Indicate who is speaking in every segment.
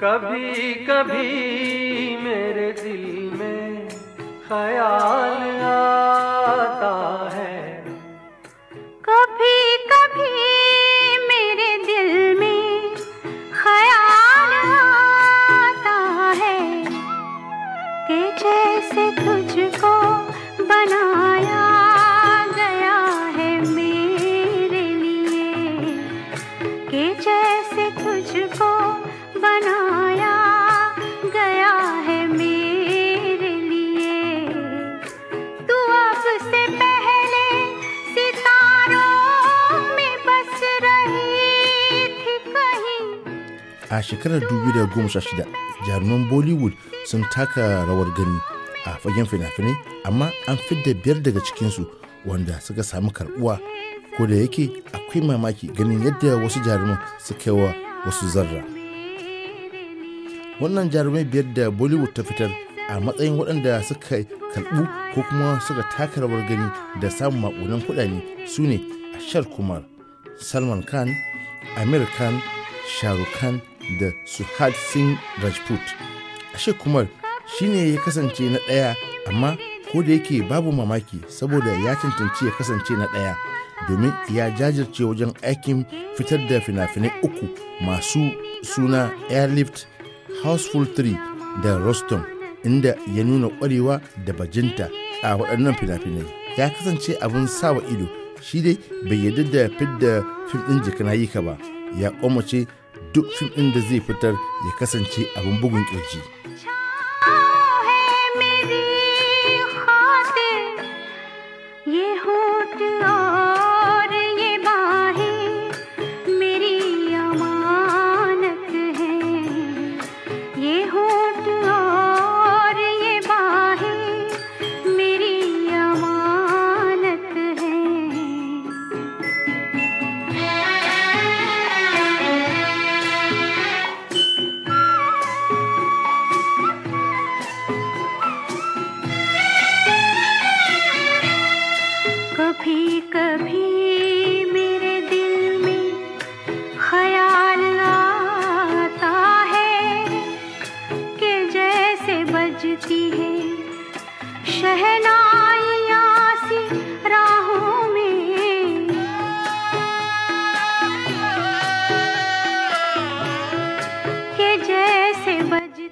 Speaker 1: کبھی کبھی میرے دل میں خیال آتا ہے
Speaker 2: کبھی کبھی میرے دل میں خیال آتا ہے کہ جیسے
Speaker 3: a shekarar 2016 jaruman bollywood sun taka rawar gani a fagen fina-finai amma an fidda biyar daga cikinsu wanda suka samu karbuwa ko da yake akwai mamaki ganin yadda wasu jaruman suka wa wasu zarra wannan jarumai biyar da bollywood ta fitar a matsayin waɗanda suka karbu ko kuma suka taka rawar gani da samun maƙonan kuɗaɗe su ne ashar kumar salman khan amir khan shahrukh khan da suhad singh rajput ashe kumar shi ne ya kasance na ɗaya amma ko da yake babu mamaki saboda ya cancanci ya kasance na ɗaya domin ya jajirce wajen aikin fitar da fina-finai uku masu suna airlift houseful 3 da rostom inda ya nuna ƙwarewa da bajinta a waɗannan fina-finai ya kasance abin sawa ido shi dai bai yarda da fidda fim ɗin jikana yika ba ya kwamace duk fim ɗin da zai fitar ya kasance abin bugun ƙirji.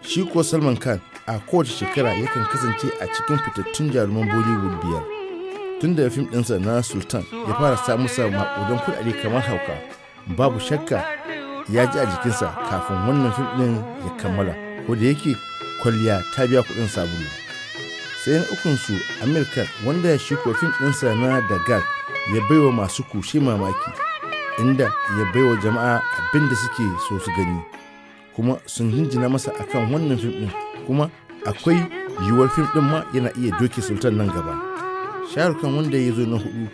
Speaker 3: shi ko salman khan a kowace shekara yakan kasance a cikin fitattun jaruman bollywood biyar tun da fim ɗinsa na sultan ya fara samu sa maƙudan kuɗaɗe kamar hauka babu shakka ya ji a jikinsa kafin wannan fim ɗin ya kammala ko da yake kwalliya ta biya kuɗin sabulu sai na ukun su khan wanda ya ko fim ɗinsa na dagal ya baiwa masu kushe mamaki inda ya baiwa jama'a abinda suke so su gani kuma sun hinjina masa akan wannan fim ɗin kuma akwai yiwuwar fim ɗin ma yana iya doke sultan nan gaba sharukan wanda ya zo na hudu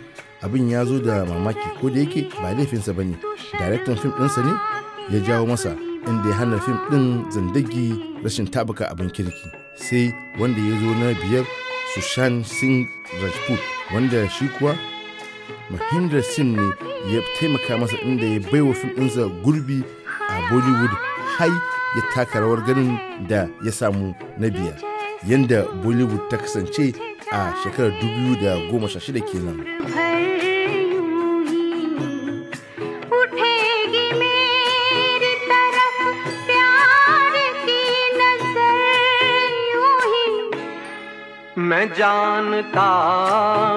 Speaker 3: abin ya zo da mamaki ko da yake ba laifinsa ba ne daraktan fim ɗinsa ne ya jawo masa inda ya hana fim ɗin zandagi rashin tabuka abin kirki sai wanda ya zo na biyar sushan singh rajput wanda shi kuwa mahindra singh ne ya taimaka masa inda ya baiwa fim ɗinsa gurbi a bollywood hai ya taka rawar ganin da ya samu na biyar yadda bollywood ta kasance a shekarar 2016 kenan.
Speaker 1: میں جانتا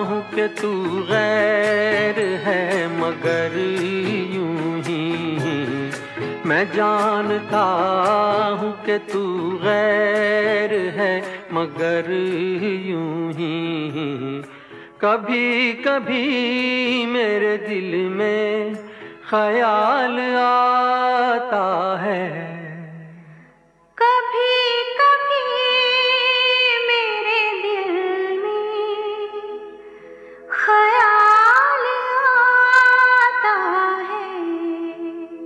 Speaker 1: ہوں کہ تو غیر ہے مگر یوں ہی میں جانتا ہوں کہ تو غیر ہے مگر یوں ہی کبھی کبھی میرے دل میں خیال آتا ہے